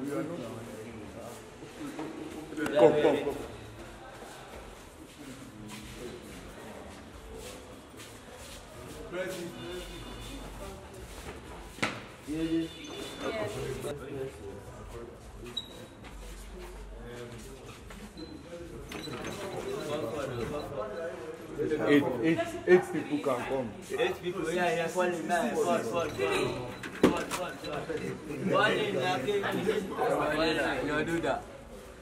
viu? Como, E aí? E aí? eight, eight, eight people can come. Eight people. Yeah, yeah, fall in there. Fall, fall, fall. Fall, fall, fall. Fall in there. You do that.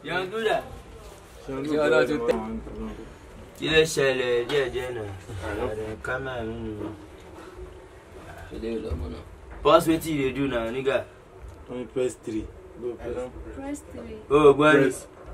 You do that. You are not to tell. Ilé ṣẹlẹ̀ díẹ̀ díẹ̀ náà. Ààrẹ kámẹ́rà mi nù. Ṣèlè ìlọ́mọ náà. Pause wetin you dey uh, do now, nigga. Only press three. Go press. Press three. Oh, gbọ́dọ̀.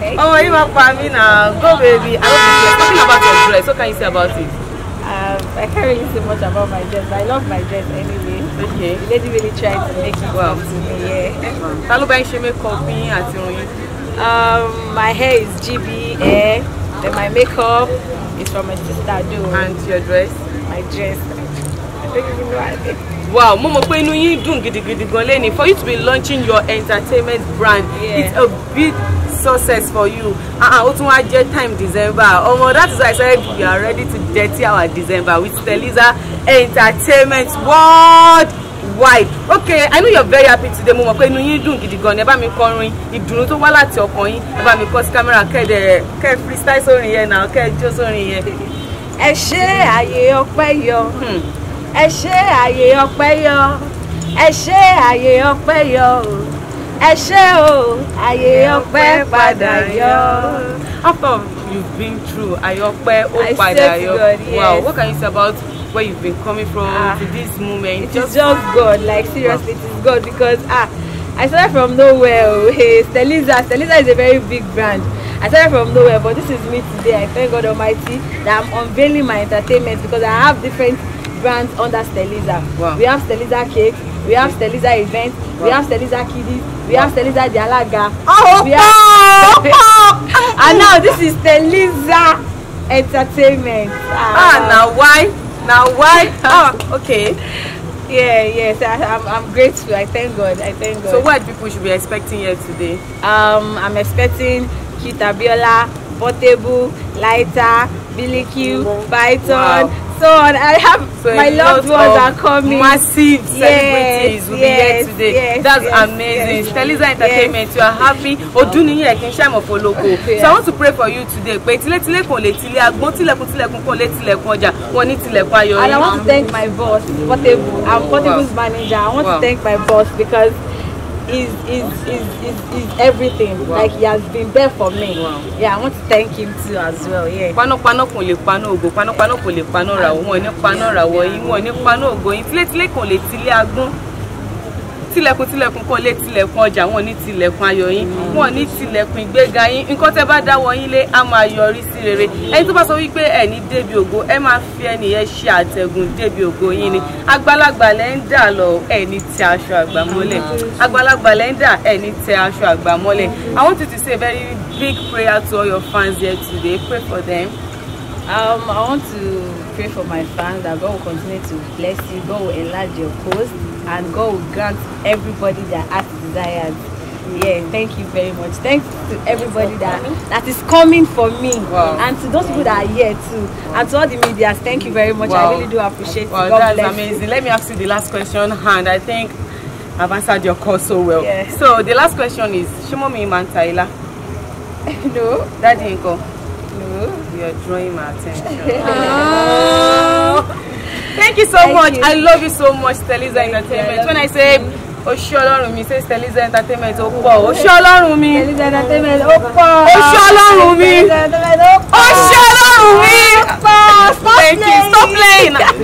Oh, you are for me now. Go, baby. I love you. Talking about your dress, what can you say about it? Um, I can't really say much about my dress, but I love my dress anyway. Okay. The lady really tried to make it well to me. Yeah. Ta ló bá ń ṣe makeup yín àti irun yín? Um, my hair is GB hair. Then my makeup is from my sister Do. And your dress? My dress. I don't even know wow mo mọ̀ pé inú yín dùn gidigidi for you to be launching your entertainment brand yeah. it's a big success for you ah ó tún wá jẹ́ time december ọmọ that is why i said we are ready to dirty our december with Teliza entertainment world wide okay i know you are very happy today mo mọ̀ pé inú yín dùn gidi gan ni ẹ bá mi kọrin ìdùnnú tó wá láti ọkàn yín ẹ bá mi kọ sí kámẹ́rà kẹ́ẹ̀dẹ̀ kẹ́ẹ̀ freestyle sórin yẹn náà kẹ́ẹ̀ jó sórin yẹn. ẹ ṣe àyè hmm. ọpẹ́ yọ ẹ ṣe àyè ọpẹ́ yọ ẹ ṣe àyè ọpẹ́ yọ o ẹ ṣé o àyè ọpẹ́ padà yọ. after you've been through àyè ọpẹ́ ó padà yọ wow what can you say about where you've been coming from ah, to this moment. it just is just God like seriously it is God because ah I started from nowhere o oh, hey Steliza Steliza is a very big brand I started from nowhere but this is me today I thank God Almighty that I'm unveiling my entertainment because I have different brands under Steliza. Wow. We have Steliza cake, we have Steliza events, wow. we have Steliza kiddies, we have Steliza the Alaga. Oh, we have... oh, and now this is Steliza Entertainment. Uh, ah, now why? Now why? oh, okay. Yeah, yes, I, I'm, I'm grateful. I thank God. I thank God. So, what people should be expecting here today? Um, I'm expecting Kitabiola, Portable, Lighter, Billy Q, Python, wow. So I have so my loved ones are coming. Massive celebrities will yes, be here today. Yes, That's yes, amazing. Yes, Teliza yes, Entertainment, you are happy. here? I can Oduniyi Ekinshem for local. So I want to pray for you today. Pé tilé tilé kò lè tilé agbọ́n tilẹ̀kùn tilẹ̀kùn kò lè tilẹ̀kùn ọjà wọn ní tilẹ̀kùn ayọ̀ yìí. And I want to thank my boss Portable. I'm Portable's manager. I want to thank my boss because is is is is is everything wow. like he has been there for me wow. yeah i want to thank him too as well yeah. panápaná kò lè paná ògo panápaná kò lè paná ràwọ̀ wọn ò ní paná ràwọ̀ yín wọn ò ní paná ògo tilétilé kò lè tilé agbọ́n tilẹ̀kùn tilẹ̀kùn kan lé tilẹ̀kùn ọjà wọn ní tilẹ̀kùn ayọ̀ yín wọn ní tilẹ̀kùn ìgbéga yín nǹkan tẹ́ bá dáwọ́ yín lé á máa yọrí sí rere ẹni tó bá sọ wípé ẹni débi ògo ẹ máa fi ẹni yẹn ṣe àtẹ̀gùn débi ògo yín ni àgbàlagbà lẹ́ ń dà lọ ẹni tẹ aṣọ àgbà mọ́lẹ̀ lẹ́ ń dà ẹni tẹ aṣọ àgbà I want you to say a very big prayer to all your fans here today pray for them. Um, I want to pray for my fans that God will continue to bless you, God will enlarge your post and God will grant everybody their heart desires. Yeah, thank you very much. Thanks to everybody that that is coming for me wow. and to those people that are here too wow. and to all the media. Thank you very much. Wow. I really do appreciate wow, it. God that's amazing. You. Let me ask you the last question, and I think I've answered your call so well. Yeah. So the last question is Shumomi Mantaila. no. Daddy Nko. No. you are drawing my attention. oh thank you so thank much you. i love you so much Teliza entertainment when i say oṣù ọlọ́run mi says Teliza entertainment ó pọ̀ oṣù ọlọ́run mi Teliza entertainment ó pọ̀ oṣù ọlọ́run mi oṣù ọlọ́run mi thank you stop playing.